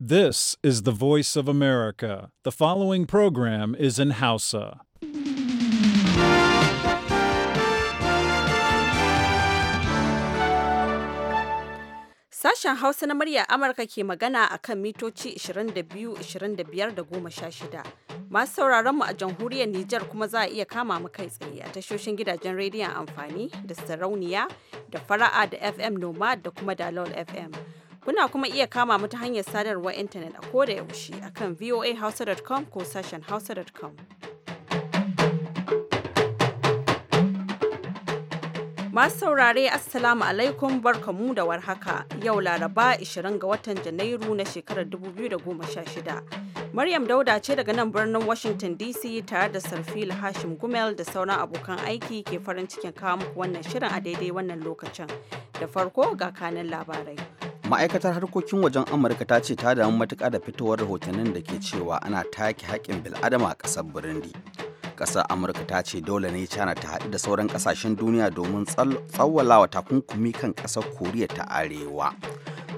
This is the voice of America. The following program is in Hausa. Sashen Hausa na murya Amurka ke magana a kan mitoci 22, 25 da 16. Masu sauraron mu a jamhuriyar Nijar kuma za a iya kama mu kai tsaye a tashoshin gidajen rediyon amfani da sarauniya da fara'a da FM Nomad da kuma Dalol FM. Kuna kuma iya kama mu ta hanyar sadarwar intanet a koda yaushe akan voahausa.com ko sashen hausa.com. Masu saurare Assalamu alaikum barkamu da warhaka yau Laraba 20 ga watan Janairu na shekarar 2016. Maryam Dauda ce daga nan birnin Washington DC tare da Sarfil Hashim Gumel da sauran abokan aiki ke farin cikin kawo muku wannan shirin a daidai wannan lokacin. Da farko ga kanan labarai. ma'aikatar harkokin wajen amurka ta ce ta damu matuka da fitowar rahotannin da ke cewa ana take haƙƙin bil'adama a ƙasar burundi ƙasar amurka ta ce dole ne china ta haɗu da sauran ƙasashen duniya domin tsawwalawa takunkumi kan ƙasar koriya ta arewa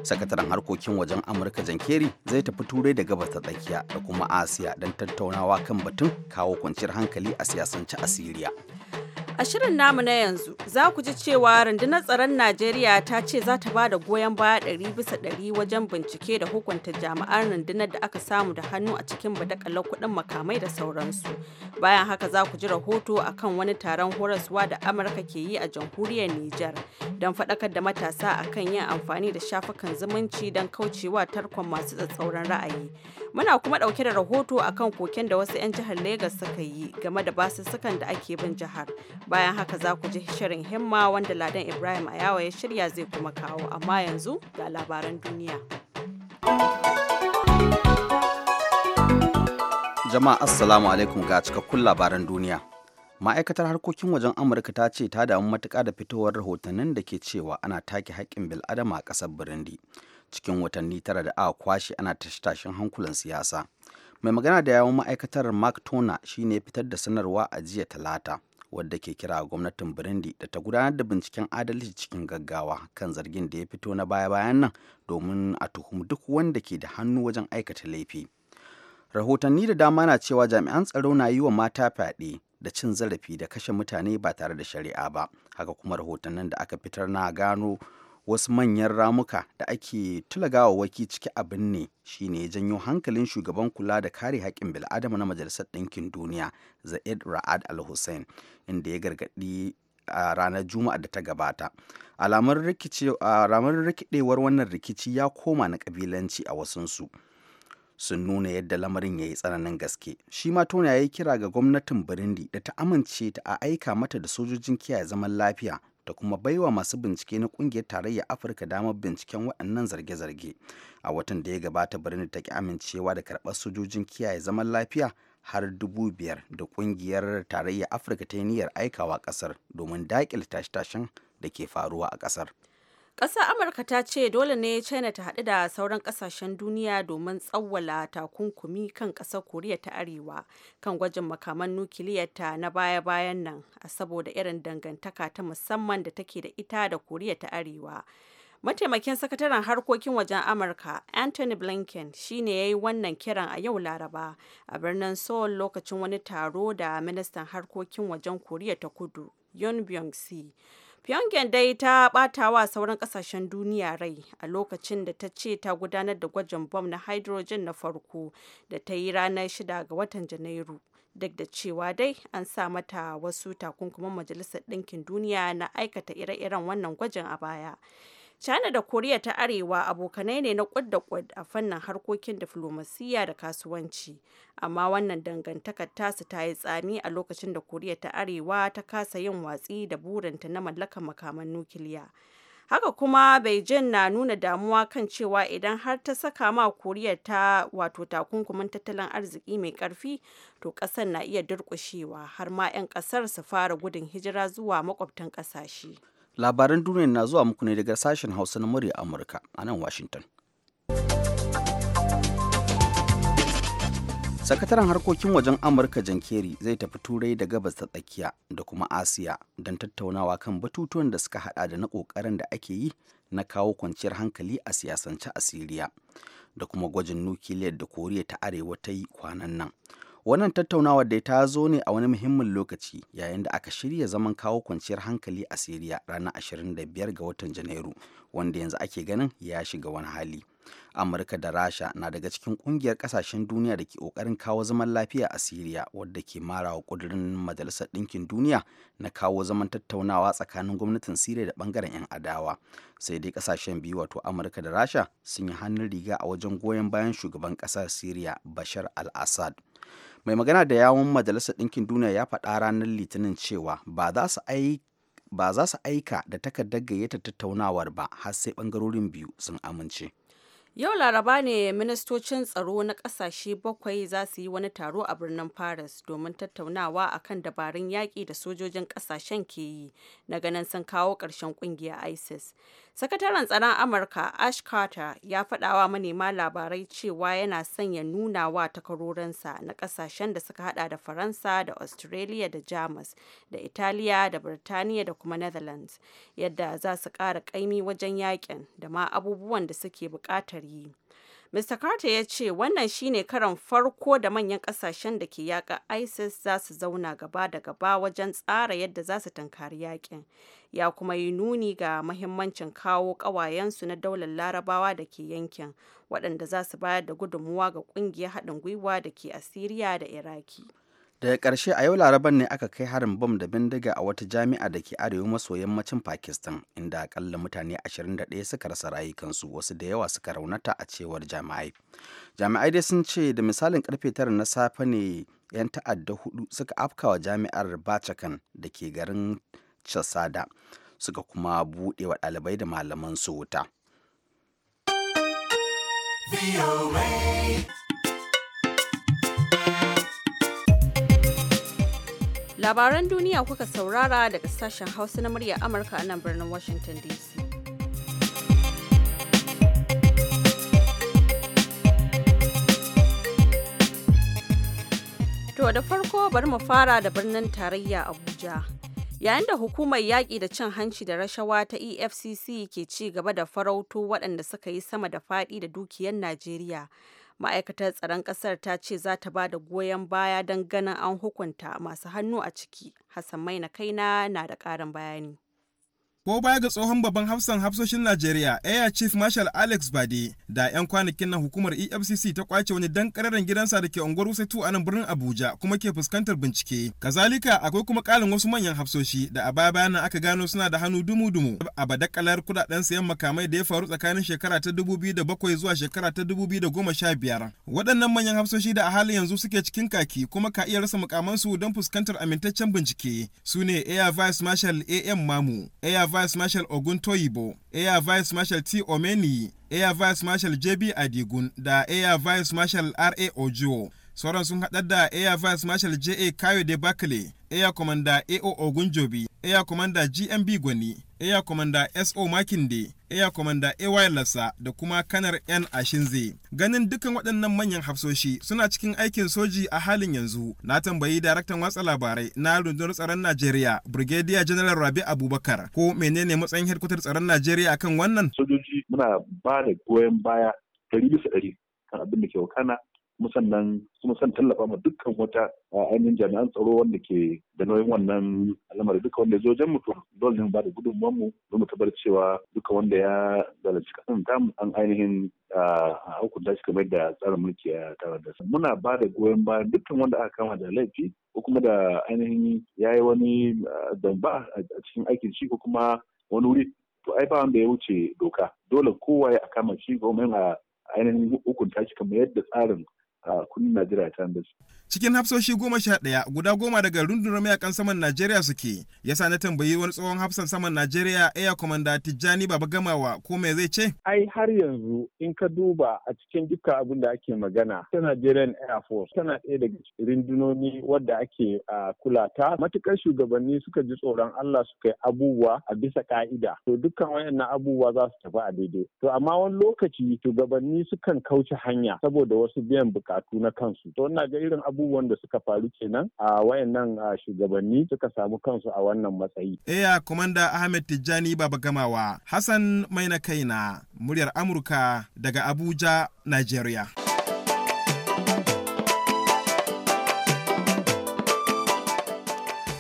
sakataren harkokin wajen amurka jan kerry zai tafi turai da gabas ta tsakiya da kuma asiya don tattaunawa kan batun kawo kwanciyar hankali a siyasance asiriya. A shirin namu na yanzu za ku ji cewa rundunar tsaron Najeriya ta ce za ta ba da goyon baya ɗari bisa ɗari wajen bincike da hukunta jami'an rundunar da aka samu da hannu a cikin badakalar kuɗin makamai da sauransu. Bayan haka za ku ji rahoto akan wani taron horaswa da Amurka ke yi a jamhuriyar Nijar don faɗakar da matasa akan yin amfani da shafukan zumunci don kaucewa tarkon masu tsatsauran ra'ayi. Muna kuma ɗauke da rahoto a kan koken da wasu 'yan jihar Legas suka yi game da basussukan da ake bin jihar. Bayan haka za ku ji shirin himma wanda Ladan Ibrahim Ayawa ya shirya zai kuma kawo amma yanzu ga labaran duniya. Jama'a Assalamu alaikum ga cikakkun labaran duniya. ma'aikatar harkokin wajen amurka ta ce ta damu matuƙa da fitowar rahotannin da ke cewa ana take haƙƙin bil'adama a ƙasar burundi cikin watanni tara da aka kwashe ana tashe-tashen hankulan siyasa mai magana da yawon ma'aikatar mark tona shine fitar da sanarwa a jiya talata wadda ke kira gwamnatin burundi da ta gudanar da binciken adalci cikin gaggawa kan zargin da ya fito na baya-bayan nan domin a tuhumi duk wanda ke da hannu wajen aikata laifi rahotanni da dama na cewa jami'an tsaro na yi wa mata fyaɗe da cin zarafi da kashe mutane ba tare da shari'a ba haka kuma rahotannin da aka fitar na gano wasu manyan ramuka da ake tulagawa waki ciki abin ne shine ya janyo hankalin shugaban kula da kare haƙƙin bil'adama na majalisar ɗinkin duniya za'id ra'ad al-hussein inda ya gargaɗi a ranar juma'a da ta gabata alamar rikidewar wannan rikici ya koma na kabilanci a wasunsu sun nuna yadda lamarin ya yi tsananin gaske shi ma tona ya yi kira ga gwamnatin burundi da ta amince ta a aika mata da sojojin kiyaye zaman lafiya da kuma baiwa masu bincike na kungiyar tarayyar afirka damar binciken waɗannan zarge-zarge a watan da ya gabata birnin ta ki amincewa da karɓar sojojin kiyaye zaman lafiya har dubu biyar da kungiyar tarayyar afirka ta yi niyyar aikawa ƙasar domin daƙil tashe-tashen da ke faruwa a ƙasar. Ƙasar Amurka ta ce dole ne China ta haɗu da sauran ƙasashen duniya domin tsawwala takunkumi kan ƙasar Koriya ta Arewa kan gwajin makaman nukiliyarta na baya-bayan nan a saboda irin dangantaka ta musamman da take da ita da Koriya ta Arewa. Mataimakin sakataren harkokin wajen Amurka Anthony Blinken shi ne ya yi wannan kiran a yau Laraba a birnin Seoul lokacin wani taro da ministan harkokin wajen Koriya ta Kudu Yun Byung-si. Pyongyang dai ta bata wa sauran kasashen duniya rai a lokacin da ta ce ta gudanar da gwajin bom na hydrogen na farko da ta yi ranar 6 ga watan Janairu. Duk da cewa dai an sa mata wasu takunkuman Majalisar Ɗinkin Duniya na aikata ire-iren wannan gwajin a baya. China da Koriya ta Arewa abokanai ne na ƙudda da kud a fannin harkokin diflomasiyya da kasuwanci, amma wannan dangantakar tasu ta yi tsami a lokacin da Koriya ta Arewa ta kasa yin watsi da burinta na mallakar makaman nukiliya. Haka kuma Beijing na nuna damuwa kan cewa idan har ta saka ma Koriya ta wato takunkumin tattalin arziki mai karfi to kasar na iya durkushewa har ma 'yan kasar su fara gudun hijira zuwa makwabtan kasashe. labaran duniya na zuwa muku ne daga sashen hausa na murya amurka a nan washington sakataren harkokin wajen amurka jan zai tafi turai da gabas ta tsakiya da kuma asiya don tattaunawa kan batutuwan da suka hada da na kokarin da ake yi na kawo kwanciyar hankali a siyasance a da kuma gwajin nukiliyar da koriya ta arewa ta yi kwanan nan wannan tattaunawa dai ta zo ne a wani muhimmin lokaci yayin da aka shirya zaman kawo kwanciyar hankali a siriya ranar 25 ga watan janairu wanda yanzu ake ganin ya shiga wani hali amurka da rasha na daga cikin kungiyar kasashen duniya da ke kokarin kawo zaman lafiya a siriya wadda ke marawa kudurin majalisar ɗinkin duniya na kawo zaman tattaunawa tsakanin gwamnatin siriya da bangaren 'yan adawa sai dai kasashen biyu wato amurka da rasha sun yi hannun riga a wajen goyon bayan shugaban kasar siriya bashar al-assad mai magana da yawon majalisar ɗinkin duniya ya faɗa ranar litinin cewa ba za su aika da takardar gayyatar tattaunawar ba har sai ɓangarorin biyu sun amince. Yau Laraba ne ministocin tsaro na ƙasashe bakwai za su yi wani taro a birnin Paris domin tattaunawa akan dabarun yaƙi da sojojin ƙasashen ke yi na ganin sun kawo ƙarshen ƙungiyar ISIS. Sakataren tsaron Amurka Ash Carter ya faɗawa manema labarai cewa yana son ya nuna wa takarorinsa na ƙasashen da suka hada da Faransa da Australia da Jamus da Italiya da Birtaniya da kuma Netherlands yadda za su ƙara ƙaimi wajen yakin da ma abubuwan da suke buƙatar yi. Mr. Carter ya ce wannan shine karan farko da manyan kasashen da ke yaƙa ISIS za su zauna gaba da gaba wajen tsara yadda za su tankari yakin. Ya kuma yi nuni ga mahimmancin kawo ƙawayensu na daular larabawa da ke yankin waɗanda za su bayar da gudunmuwa ga ƙungiyar haɗin gwiwa da ke Asiriya da Iraki. daga ƙarshe a yau laraban ne aka kai harin bom da bindiga a wata jami'a da ke arewa maso yammacin pakistan inda akalla mutane 21 suka rasa rayukansu wasu da yawa suka raunata a cewar jami'ai jami'ai dai sun ce da misalin karfe tara na safe ne 'yan ta'adda hudu suka afka wa jami'ar bachakan da ke garin chasada suka kuma buɗe wa ɗalibai da malaman su wuta. Labaran duniya kuka saurara daga sashen Hausa na murya Amurka a nan birnin Washington DC. To da farko bari mu fara da birnin tarayya Abuja. Yayin da hukumar yaƙi da cin hanci da rashawa ta EFCC ke ci gaba da farauto waɗanda suka yi sama da faɗi da dukiyar Najeriya. ma'aikatar tsaron ƙasar ta ce za ta ba da goyon baya don ganin an hukunta masu hannu a ciki hassan maina kaina na da ƙarin bayani ko baya ga tsohon babban hafsan hafsoshin Najeriya Air Chief Marshal Alex Bade da 'yan kwanakin nan hukumar EFCC ta kwace wani dan kararren gidansa da ke unguwar Wusatu a nan birnin Abuja kuma ke fuskantar bincike. Kazalika akwai kuma kalin wasu manyan hafsoshi da a baya bayan aka gano suna da hannu dumu-dumu a badakalar kudaden sayan makamai da ya faru tsakanin shekara ta 2007 zuwa shekara ta 2015. Waɗannan manyan hafsoshi da a halin yanzu suke cikin kaki kuma ka iya rasa mukamansu don fuskantar amintaccen bincike su ne Air Vice Marshal AM Mamu, Air Vice Marshal Ogun Toyibo, Air Vice Marshal T. Omeni, Air Vice Marshal JB Adigun da Air Vice Marshal R.A. Ojo. Sauran sun haɗar da Air Vice Marshal J.A. Kayo de Bakle, Air Commander A.O. Ogunjobi, Air Commander GMB Gwani, Air Commander S.O. Makinde, Air Commander AY Lassa da kuma Kanar N Ashinze. Ganin dukkan waɗannan manyan hafsoshi suna cikin aikin soji a halin yanzu. Na tambayi daraktan watsa labarai na rundunar tsaron Najeriya, Brigadier General Rabi Abubakar, ko menene matsayin hedkwatar tsaron Najeriya akan wannan? Sojoji muna ba da goyon baya ɗari bisa ɗari kan abin da ke wakana musannan kuma san tallafa ma dukkan wata ainihin jami'an tsaro wanda ke da nauyin wannan al'amari duka wanda ya zo wajen mutum dole ne ba da gudunmuwan mu don mu tabbatar cewa duka wanda ya zalunci kasan tamu an ainihin a hukunta shi kamar da tsarin mulki ya tara da muna ba da goyon bayan dukkan wanda aka kama da laifi ko kuma da ainihin ya yi wani zamba a cikin aikin shi ko kuma wani wuri to ai ba wanda ya wuce doka dole kowa ya kama shi domin a ainihin hukunta shi kamar yadda tsarin alcuni in maniera clandestina. cikin hafsoshi goma sha ɗaya guda goma daga rundunar mayakan saman najeriya suke ya sa na tambayi wani tsohon hafsan saman najeriya air commander tijjani baba gamawa ko me zai ce ai har yanzu in ka duba a cikin duka abin da ake magana ta nigerian air force tana ɗaya daga rundunoni wadda ake uh, kula ta matukar shugabanni suka ji tsoron allah suka yi abubuwa a bisa ka'ida to dukkan wayannan abubuwa za su tafi a daidai to amma wani lokaci shugabanni sukan kauce hanya saboda wasu biyan bukatu na kansu to ina ga irin abubuwan da suka faru kenan a wayannan shugabanni suka samu kansu a wannan matsayi. Eya Komanda Ahmed Tijjani Baba Gamawa, Hassan Maina Kaina, muryar Amurka daga Abuja, Nigeria.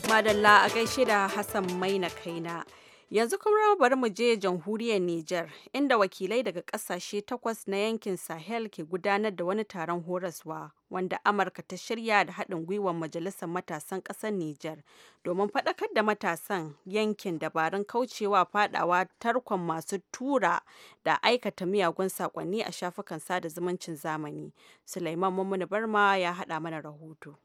Madalla a gaishe da Hassan Maina Kaina. Yanzu kuma bari mu je jamhuriyar Nijar, inda wakilai daga kasashe takwas na yankin Sahel ke gudanar da wani taron horaswa wanda Amurka ta shirya da haɗin gwiwar Majalisar Matasan ƙasar Nijar domin faɗakar da matasan yankin dabarun kaucewa faɗawa tarkon masu tura da aikata miyagun saƙonni a shafukan sada zumuncin zamani. Sulaiman Mummuni Barma ya haɗa mana rahoto.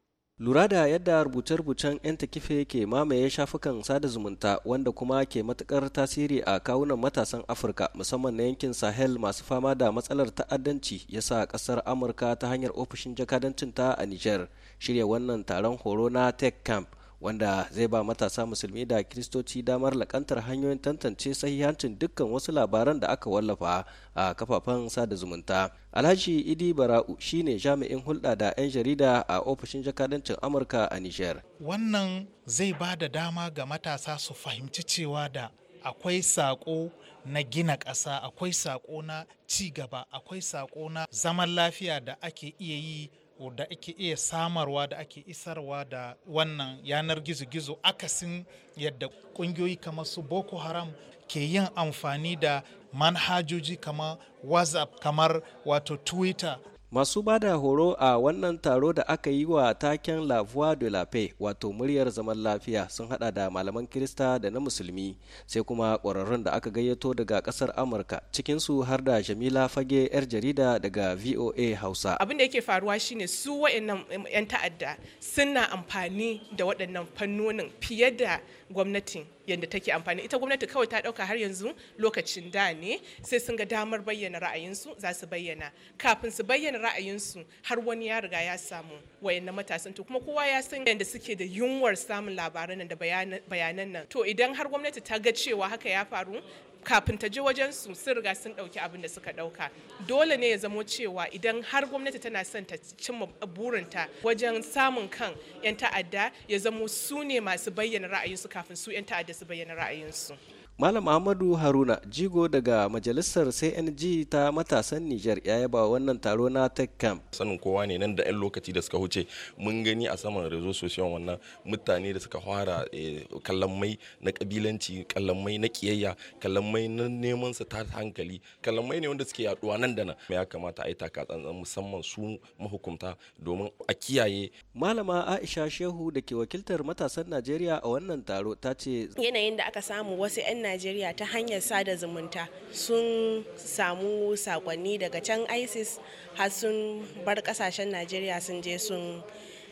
lura da yadda rubuce-rubucen 'yan kife ke mamaye shafukan sada zumunta wanda kuma ke matukar tasiri a kawunan matasan afirka musamman na yankin sahel masu fama da matsalar ta'addanci ya sa kasar amurka ta hanyar ofishin jakadancinta a niger shirya wannan taron horo na tech camp wanda zai ba matasa musulmi da kiristoci damar lakantar hanyoyin tantance sahihancin dukkan wasu labaran da aka wallafa a kafafen sada zumunta alhaji idi bara'u shine jami'in hulɗa da 'yan jarida a ofishin jakadancin amurka a niger wannan zai ba da dama ga matasa su fahimci cewa da akwai saƙo na gina ƙasa akwai saƙo na ci gaba akwai saƙo na zaman lafiya da ake iya yi da ake iya samarwa da ake isarwa da wannan yanar gizo-gizo akasin yadda kungiyoyi kamar su boko haram ke yin amfani da manhajoji kamar whatsapp kamar wato twitter masu bada horo a wannan taro da aka yi wa taken la voix de la paix wato muryar zaman lafiya sun hada da malaman kirista da na musulmi sai kuma ƙwararrun da aka gayyato daga ƙasar amurka cikinsu har da jamila fage yar jarida daga voa hausa abin da yake faruwa shine su wa'annan 'yan ta'adda suna amfani da waɗannan fannonin fiye da gwamnati yadda take amfani ita gwamnati kawai ta dauka har yanzu lokacin da ne sai sun ga damar bayyana ra'ayinsu za su bayyana kafin su bayyana ra'ayinsu har wani ya riga ya samu na matasan to kuma kowa ya san yadda suke da yunwar samun labaran nan da bayanan nan to idan har gwamnati ta ga cewa haka ya faru kafin ta je wajen su sun riga sun ɗauki abin da suka ɗauka dole ne ya zamo cewa idan har gwamnati tana son ta cimma burinta wajen samun kan 'yan ta'adda ya zamo su ne masu bayyana ra'ayinsu kafin su 'yan ta'adda su bayyana ra'ayinsu. Malam Ahmadu Haruna Jigo daga majalisar CNG ta matasan Nijar ya yaba wannan taro na Tech Camp. Sanin kowa ne nan da 'yan lokaci da suka huce mun gani a saman rezo sosiyon wannan mutane da suka fara eh, kallon mai na kabilanci, kallon mai na kiyayya, kallon mai na neman su ta hankali, kallon mai ne wanda suke yaduwa nan da nan. Ya kamata a yi taka tsantsan musamman su mahukunta domin a kiyaye. Malama Aisha Shehu da ke wakiltar matasan Najeriya a wannan taro ta ce. Yanayin da aka samu wasu 'yan najeriya ta hanyar sada zumunta sun samu sakonni daga can isis har sun bar kasashen najeriya sun je sun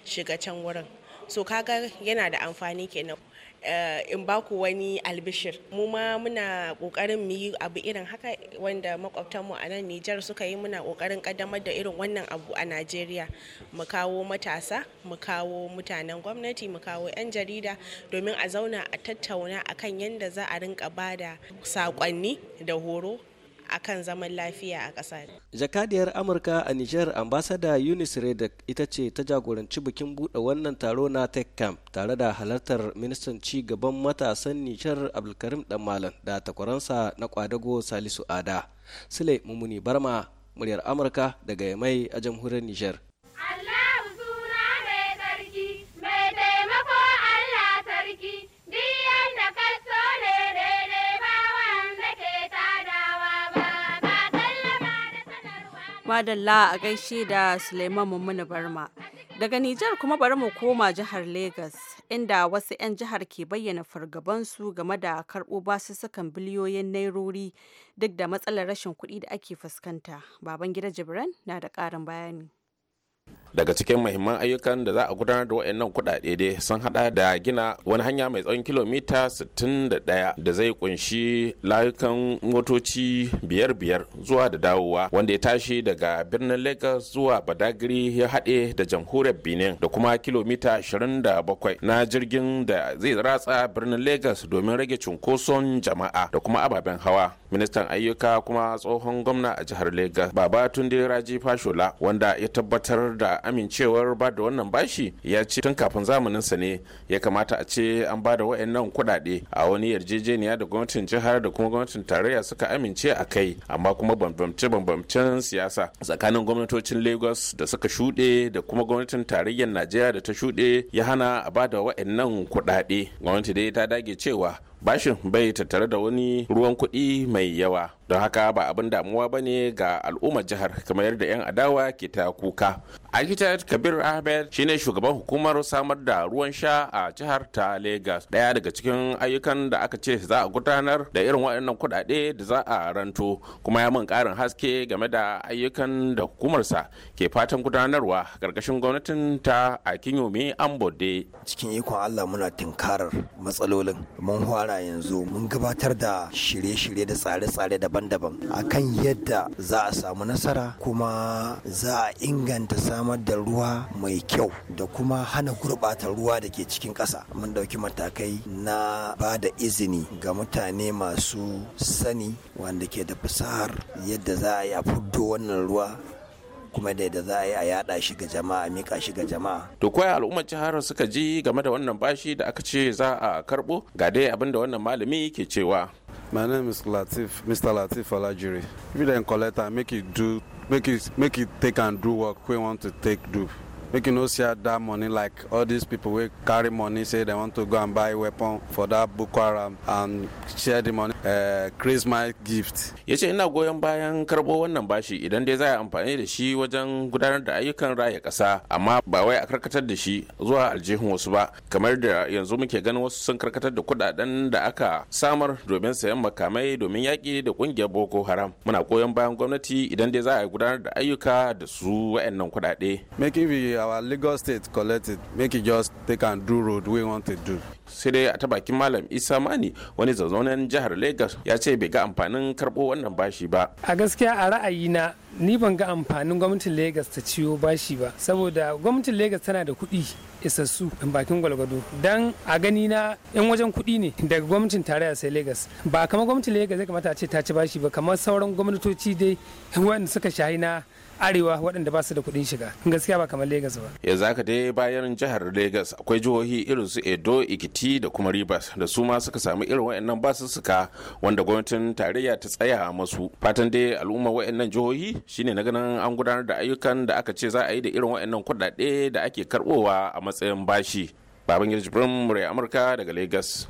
shiga can wurin so kaga yana da amfani kenan Eh, in ba ku wani albishir mu ma muna kokarin mu yi abu irin haka wanda makwabtanmu a nan Nijar suka yi muna kokarin kaddamar da irin wannan abu a Najeriya mu kawo matasa mu kawo mutanen gwamnati mu kawo 'yan jarida domin a zauna a tattauna akan yadda za a rinka bada saƙonni da horo a kan zaman lafiya a ƙasa. Jakadiyar Amurka a Nijar ambasada Eunice Redek ita ce ta jagoranci bikin buɗe wannan taro na Tech Camp tare da halartar ministan ci gaban matasan Nijar Abdulkarim Malam da takwaransa na kwadago Salisu Ada. Sule Mumuni Barma, muryar Amurka daga Yamai a jamhuriyar Nijar. Allah! Madalla a gaishe da Suleiman Mummuna Barma. Daga Nijar kuma bari mu koma jihar Legas inda wasu 'yan jihar ke bayyana fargabansu game da karɓo basussukan biliyoyin nairori duk da matsalar rashin kuɗi da ake fuskanta. Baban gida Jibran na da ƙarin bayani. daga cikin mahimman ayyukan da za a gudanar da wa'annan kuɗaɗe dai sun hada da gina wani hanya mai tsawon kilomita 61 da zai kunshi layukan motoci biyar biyar zuwa da dawowa wanda ya tashi daga birnin lagos zuwa badagiri ya haɗe da jamhuriyar benin da kuma kilomita 27 na jirgin da zai ratsa birnin lagos domin rage cunkoson jama'a da kuma ababen hawa ministan ayyuka kuma tsohon gwamna a jihar lagos baba tunde raji fashola wanda ya tabbatar da amincewar ba da wannan bashi ya ce tun kafin zamaninsa ne ya kamata a ce an ba da wayannan kuɗaɗe a wani yarjejeniya da gwamnatin jihar da kuma gwamnatin tarayya suka amince a kai amma kuma bambamce-bambamcen siyasa tsakanin gwamnatocin lagos da suka shuɗe da kuma gwamnatin tarayyar najeriya da ta shuɗe ya hana a ba da wayannan kuɗaɗe gwamnati dai ta dage cewa bashin bai tattare da wani ruwan kuɗi mai yawa don haka ba abin damuwa ba ne ga al'ummar jihar kamar yadda 'yan adawa ke ta kuka architect kabir ahmed shine shugaban hukumar samar da ruwan sha a jihar ta lagos daya daga cikin ayyukan da aka ce za a gudanar da irin waɗannan kuɗaɗe da za a ranto kuma ya mun ƙarin haske game da ayyukan da hukumarsa ke fatan gudanarwa ƙarƙashin gwamnatin ta a kinyomi ambode cikin ikon allah muna tinkarar matsalolin mun hwara yanzu mun gabatar da shirye-shirye da tsare-tsare daban daban-daban akan yadda za a samu nasara kuma za a inganta samar da ruwa mai kyau da kuma hana gurɓata ruwa da ke cikin ƙasa mun ɗauki matakai na ba da izini ga mutane masu sani wanda ke da fasahar yadda za a yi a fuddo wannan ruwa kuma da yadda za a yi a yada shi ga jama'a mika shi ga jama'a. To koya al'ummar jihar suka ji game da wannan bashi da aka ce za a karbo ga dai abin da wannan malami ke cewa. My name is Latif, Mr. Latif Olajiri. If you then collect and make you do, make you make you take and do work we want to take do. make you no share that money like all these people wey carry money say they want to go and buy weapon for that boko haram and share the money uh, christmas gift ya ce ina goyon bayan karbo wannan bashi idan dai za a amfani da shi wajen gudanar da ayyukan raya kasa amma ba wai a karkatar da shi zuwa aljihun wasu ba kamar da yanzu muke ganin wasu sun karkatar da kudaden da aka samar domin sayan makamai domin yaƙi da ƙungiyar boko haram muna goyon bayan gwamnati idan dai za a gudanar da ayyuka da su waɗannan kuɗaɗe. making our lagos state collect it make e just take and do road wey want to do sai dai a ta bakin malam isa mani wani zazzaunan jihar lagos ya ce bai ga amfanin karbo wannan bashi ba a gaskiya a ra'ayina ni ban ga amfanin gwamnatin lagos ta ciwo bashi ba saboda gwamnatin lagos tana da kuɗi isassu bakin gwalgwado dan a gani na yan wajen kuɗi ne daga gwamnatin tarayya sai lagos ba kamar gwamnatin lagos ya kamata a ce ta ci bashi ba kamar sauran gwamnatoci dai wanda suka shahi na arewa waɗanda ba su da kuɗin shiga gaskiya ba kamar Legas ba ya zaka dai bayan jihar Legas akwai jihohi irin su Edo Ikiti da kuma Rivers da su ma suka samu irin wayannan basussuka wanda gwamnatin tarayya ta tsaya masu fatan dai al'umma wayannan jihohi shine na ganin an gudanar da ayyukan da aka ce za a yi da irin wayannan kuɗaɗe da ake karɓowa a matsayin bashi Babangida Jibrin Murai Amurka daga Legas.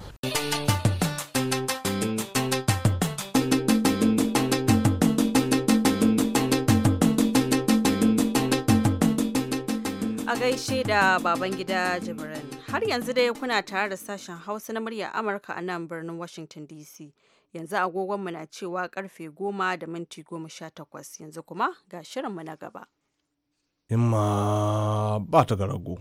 sai da baban gida Jibrin. Har yanzu dai kuna tare da sashen Hausa na murya Amurka a nan birnin Washington DC. Yanzu agogonmu na cewa karfe goma da minti goma sha takwas. Yanzu kuma ga shirinmu na gaba. Imma ba ta garago.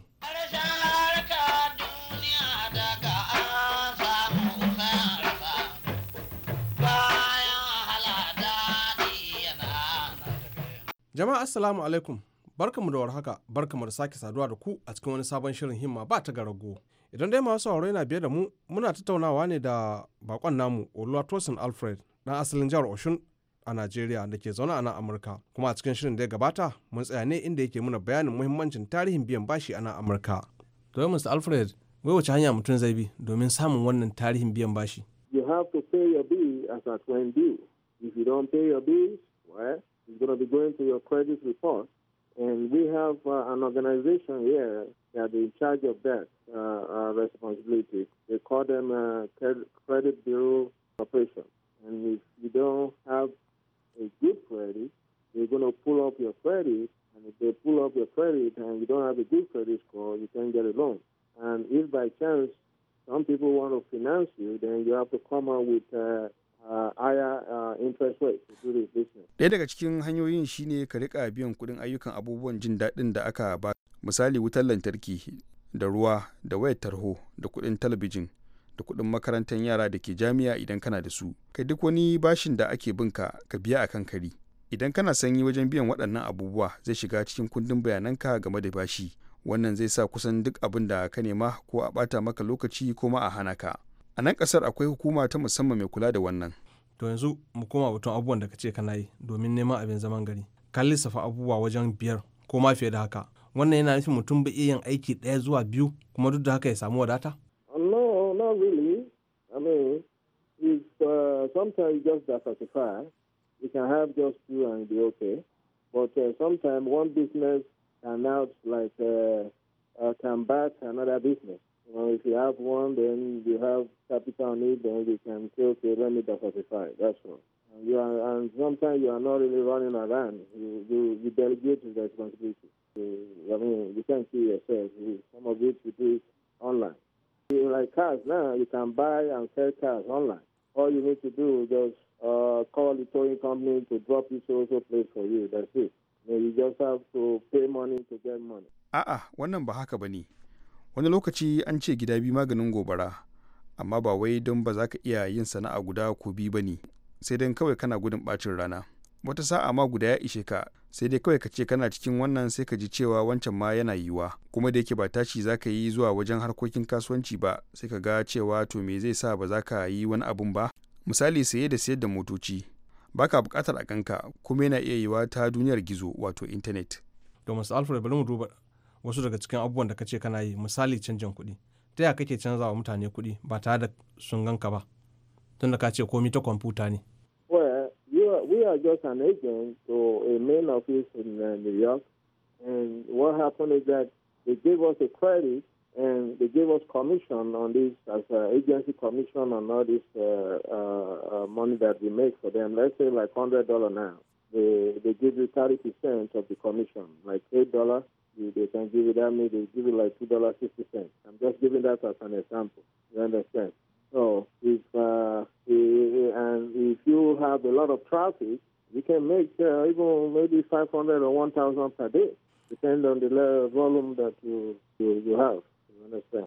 Jama'a Assalamu alaikum. Barkamu da warhaka, barkamu da sake saduwa da ku a cikin wani sabon shirin himma ba ta garago. Idan dai masu sauraro yana biye da mu, muna tattaunawa ne da bakon namu Oluwatosin Alfred, dan asalin jihar Oshun a Najeriya da ke zaune a nan Amurka. Kuma a cikin shirin da ya gabata, mun tsaya ne inda yake muna bayanin muhimmancin tarihin biyan bashi a nan Amurka. Domin Mr. Alfred, wai wace hanya mutum zai bi domin samun wannan tarihin biyan bashi? You have to pay your bill as at when due. If you don't pay your bills, well, it's going to be going to your credit report have uh, an organization here that is in charge of that uh, uh responsibility. They call them uh, Credit Bureau Corporation. And if you don't have a good credit, they're going to pull up your credit. And if they pull up your credit and you don't have a good credit score, you can't get a loan. And if by chance some people want to finance you, then you have to come up with uh, Uh, uh, daya daga cikin hanyoyin shine ka rika biyan kuɗin ayyukan abubuwan jin daɗin da aka ba misali wutar lantarki da ruwa da wayar tarho da kuɗin talabijin da kuɗin makarantar yara da ke jami'a idan kana da su kai duk wani bashin da ake bin ka ka biya akan kari idan kana sanyi wajen biyan waɗannan abubuwa zai shiga cikin kundin bayananka game da bashi wannan zai sa kusan duk abin da ka nema ko a ɓata maka lokaci ko ma a hana ka a nan kasar akwai hukuma ta musamman mai kula da wannan to yanzu mu koma batun abubuwan da ka ce kana yi domin neman abin zaman gari ka lissafa abubuwa wajen biyar ko ma fiye da haka wannan yana nufin mutum bai yin aiki ɗaya zuwa biyu kuma duk da haka ya samu wadata no not really i mean uh, sometimes just you can have just two and be okay but uh, sometimes one business can out like uh, uh, can back another business Well, if you have one, then you have capital need, then you can say, okay, let me diversify. That's all. And, you are, and sometimes you are not really running around. You, you, you delegate the responsibility. You, I mean, you can see yourself. You, some of it you do online. You, like cars now, you can buy and sell cars online. All you need to do is just uh, call the towing company to drop it to also place for you. That's it. You just have to pay money to get money. Ah uh ba number? ba ne. wani lokaci an ce gida biyu maganin gobara amma ba wai don ba za ka iya yin sana'a guda ko biyu ba ne sai don kawai kana gudun bacin rana wata sa'a ma guda ya ishe ka sai dai kawai ka ce kana cikin wannan sai ka ji cewa wancan ma yana yiwuwa kuma da yake ba tashi za ka yi zuwa wajen harkokin kasuwanci ba sai ka ga cewa to me zai sa ba za ka yi wani abun ba misali saye da sayar da motoci baka bukatar a kanka kuma yana iya yiwa ta duniyar gizo wato intanet. alfred wasu daga cikin abubuwan da ka ce kana yi misali canjin kuɗi ta ya kake canza wa mutane kuɗi ba tare da sun ganka ba tunda ka ce komi ta kwamfuta ne. Well, we are just an agent to a main office in uh, New York, and what happened is that they gave us a credit and they gave us commission on this as an uh, agency commission on all this uh, uh, uh, money that we make for them. Let's say like hundred dollar now. They they give you thirty percent of the commission, like eight dollar they can give you that means they give you like two dollars fifty cents. I'm just giving that as an example. You understand? So if uh, eh, and if you have a lot of traffic, you can make uh, even maybe five hundred or one thousand per day, depending on the level volume that you you, you have. You understand?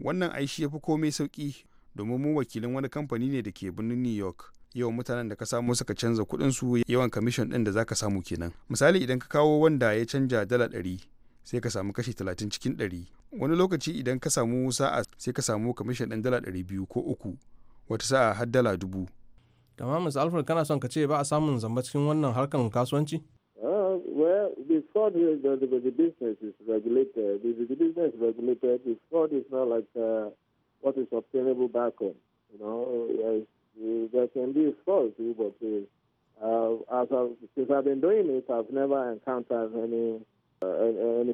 Wannan ai shi ya fi komai sauki domin mu wakilin wani kamfani ne da ke birnin New York. yawan mutanen da ka samu suka canza kuɗin su yawan kamishin ɗin da za ka samu kenan misali idan ka kawo wanda ya canja dala ɗari sai ka samu kashi talatin cikin ɗari. wani lokaci idan ka samu sa'a sai ka samu kamishin ɗan dala ɗari biyu ko uku wata sa'a har dala dubu kama mr alfred kana son ka ce ba a samun zamba cikin wannan harkar kasuwanci uh, as I've, since I've been doing it, I've never encountered any Uh,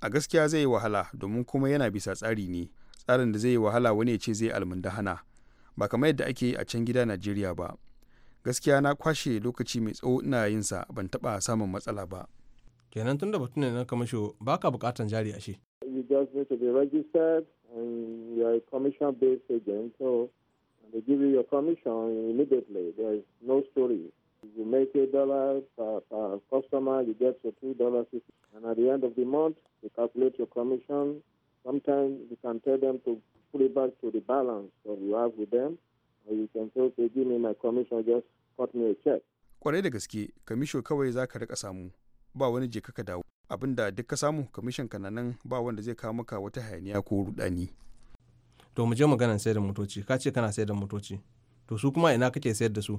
a gaskiya zai yi wahala domin kuma yana bisa tsari ne, tsarin da zai yi wahala wani ya ce zai almunda hana ba kamar yadda ake yi a can gida Najeriya ba. Gaskiya na kwashe lokaci mai tsawo ina yin sa ban taba samun matsala ba. Kenan tun da batun ne na kamasho ba ka bukatan jari ashe. You just need to be registered commission You make a dollar per, per customer, you get your two dollars. And at the end of the month, you calculate your commission. Sometimes you can tell them to put it back to the balance that you have with them. Or you can say, okay, give me my commission, just cut me a check. Kwarai da gaske, kamisho kawai za ka rika samu, ba wani je ka dawo. abinda duk ka samu kamishin ka nan ba wanda zai kawo maka wata hayaniya ko rudani. To mu je maganan sayar da motoci, ka ce kana sayar da motoci. To su kuma ina kake sayar da su?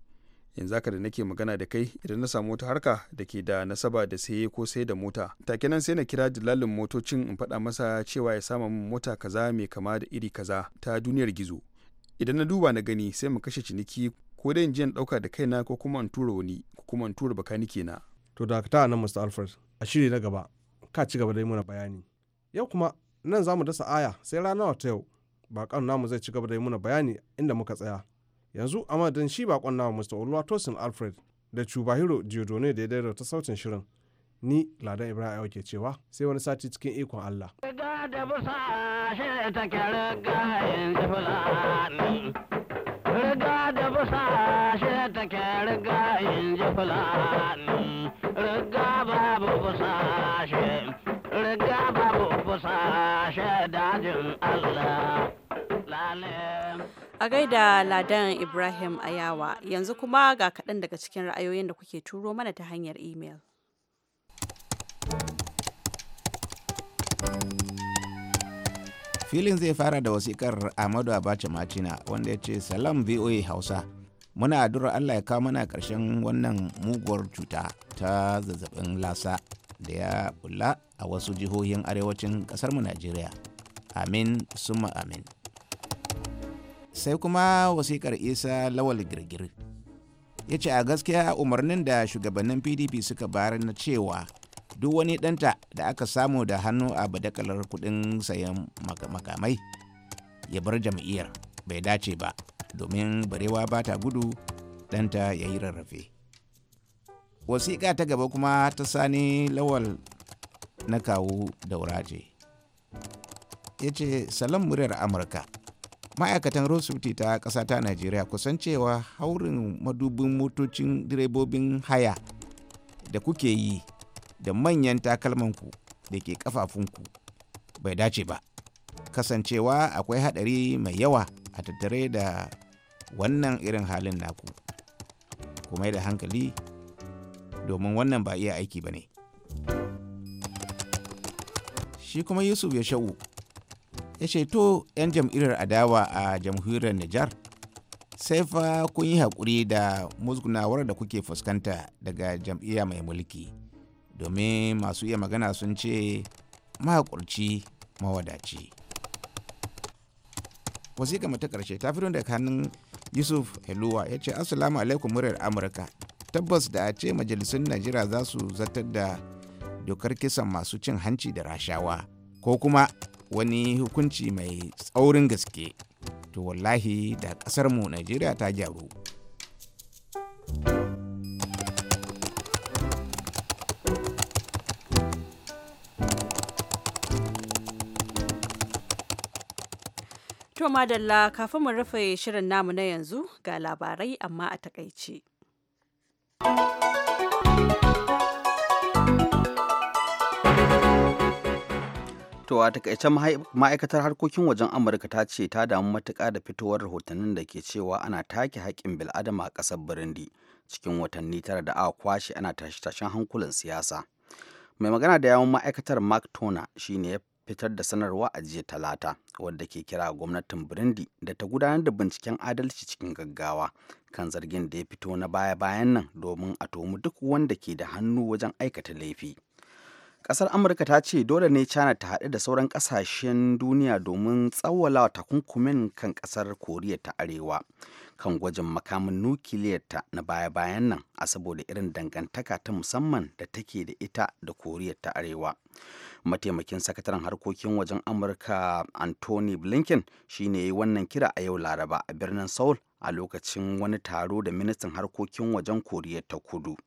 yanzu haka da nake magana da kai idan na samu wata harka da ke da nasaba da saye ko sai da mota take nan sai na kira dilalin motocin in faɗa masa cewa ya sama min mota kaza mai kama da iri kaza ta duniyar gizo idan na duba na gani sai mu kashe ciniki ko dai in je na ɗauka da kaina ko kuma in tura wani ko kuma in tura bakanike na. to da ta nan mr alfred a shiri na gaba ka ci gaba da yi mana bayani yau kuma nan za mu dasa aya sai ranar ta yau bakan namu zai ci gaba da yi mana bayani inda muka tsaya yanzu a madadin shi bakon nawa mr oluwatosin alfred da cubahiro diodone da ya daidaita sautin shirin ni ladan ibrahim ayo ke cewa sai wani sati cikin ikon allah riga da busa shi ta riga in ji fulani riga babu busa shi riga babu busa shi dajin allah A gaida Ladan Ibrahim Ayawa, yanzu kuma ga kaɗan daga cikin ra'ayoyin da kuke turo mana ta hanyar imel. Filin zai fara da wasikar amadu Abacha Macina wanda ya ce Salam VOA Hausa. Muna addu'ar Allah ya kawo mana ƙarshen wannan muguwar cuta ta zazzabin lasa da ya bulla a wasu jihohin arewacin ƙasarmu Najeriya. Amin, summa amin. sai kuma wasikar isa lawal girgir ya ce a gaskiya umarnin da shugabannin pdp suka bayar na cewa duk wani danta da aka samu da hannu a badakalar kuɗin sayan makamai ya bar jam'iyyar bai dace ba domin barewa ba ta gudu danta ya yi rarrafe wasiƙa ta gaba kuma ta sani lawal na kawo daurace ya ce salam muryar amurka ma'aikatan road safety ta ƙasa ta najeriya kusan cewa haurin madubin motocin direbobin haya da kuke yi da manyan takalmanku da ke kafafunku bai dace ba kasancewa akwai haɗari mai yawa a tattare da wannan irin halin naku kuma da hankali domin wannan ba iya aiki ba ne shi kuma yusuf ya sha'u ya ce 'yan jam'iyyar adawa a jamhuriyar Nijar sai fa kun yi haƙuri da musgunawar da kuke fuskanta daga jam'iyya mai mulki domin masu iya magana sun ce mahaƙurci mawadaci wasiƙa mata ƙarshe ta fito daga hannun yusuf heluwa ya ce assalamu alaikum muryar amurka tabbas da a ce majalisun najeriya za su zartar da dokar kisan masu cin hanci da rashawa ko kuma wani hukunci mai tsaurin gaske to wallahi da mu najeriya ta gyaru To madalla kafin mu rufe shirin namu na yanzu ga labarai amma a takaice. To a takaice ma'aikatar harkokin wajen Amurka ta ce ta damu matuka da fitowar rahotannin da ke cewa ana take haƙƙin bil'adama a ƙasar Burundi cikin watanni tara da aka kwashe ana tashe-tashen hankulan siyasa. Mai magana da yawon ma'aikatar Mark Tona shi ne ya fitar da sanarwa a jiya talata wadda ke kira gwamnatin Burundi da ta gudanar da binciken adalci cikin gaggawa kan zargin da ya fito na baya-bayan nan domin a tomi duk wanda ke da hannu wajen aikata laifi. kasar Amurka ta ce dole ne China ta haɗu da sauran ƙasashen duniya domin tsawalawa takunkumin kan ƙasar Koriya ta Arewa kan gwajin makamin nukiliyarta na baya-bayan nan a saboda irin dangantaka ta musamman da take da ita da Koriya ta Arewa. Mataimakin sakataren harkokin wajen Amurka Anthony Blinken ya yi wannan kira a yau Laraba a birnin saul a lokacin wani taro da ministan harkokin wajen Koriya ta Kudu.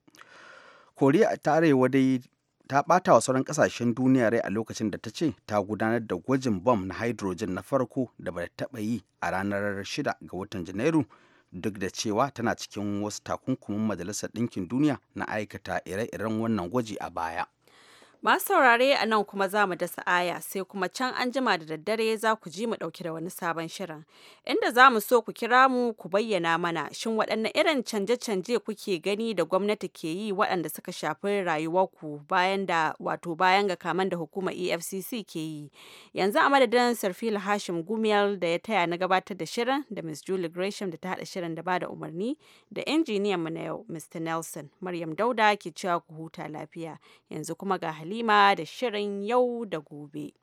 Koriya ta Arewa dai ta ɓata wa sauran ƙasashen duniya rai a lokacin da ta ce ta gudanar da gwajin bom na hydrogen na farko da ba taɓa yi a ranar 6 ga watan janairu duk da cewa tana cikin wasu takunkumin majalisar ɗinkin duniya na aikata ire-iren wannan gwaji a baya. Masu saurare a nan kuma za mu dasa aya sai kuma can anjima da daddare za ku ji mu ɗauki da wani sabon shirin. Inda za mu so ku kira mu ku bayyana mana shin waɗanne irin canje-canje kuke gani da gwamnati ke yi waɗanda suka shafi rayuwarku bayan da wato bayan ga kaman da hukuma EFCC ke yi. Yanzu a madadin Sarfil Hashim Gumel da ya taya na gabatar da shirin da ms Julie Gresham da ta haɗa shirin da ba da umarni da injiniyan mu na yau Mr. Nelson. Maryam Dauda ke cewa ku huta lafiya. Yanzu kuma ga hali. Halima da Shirin Yau da Gobe.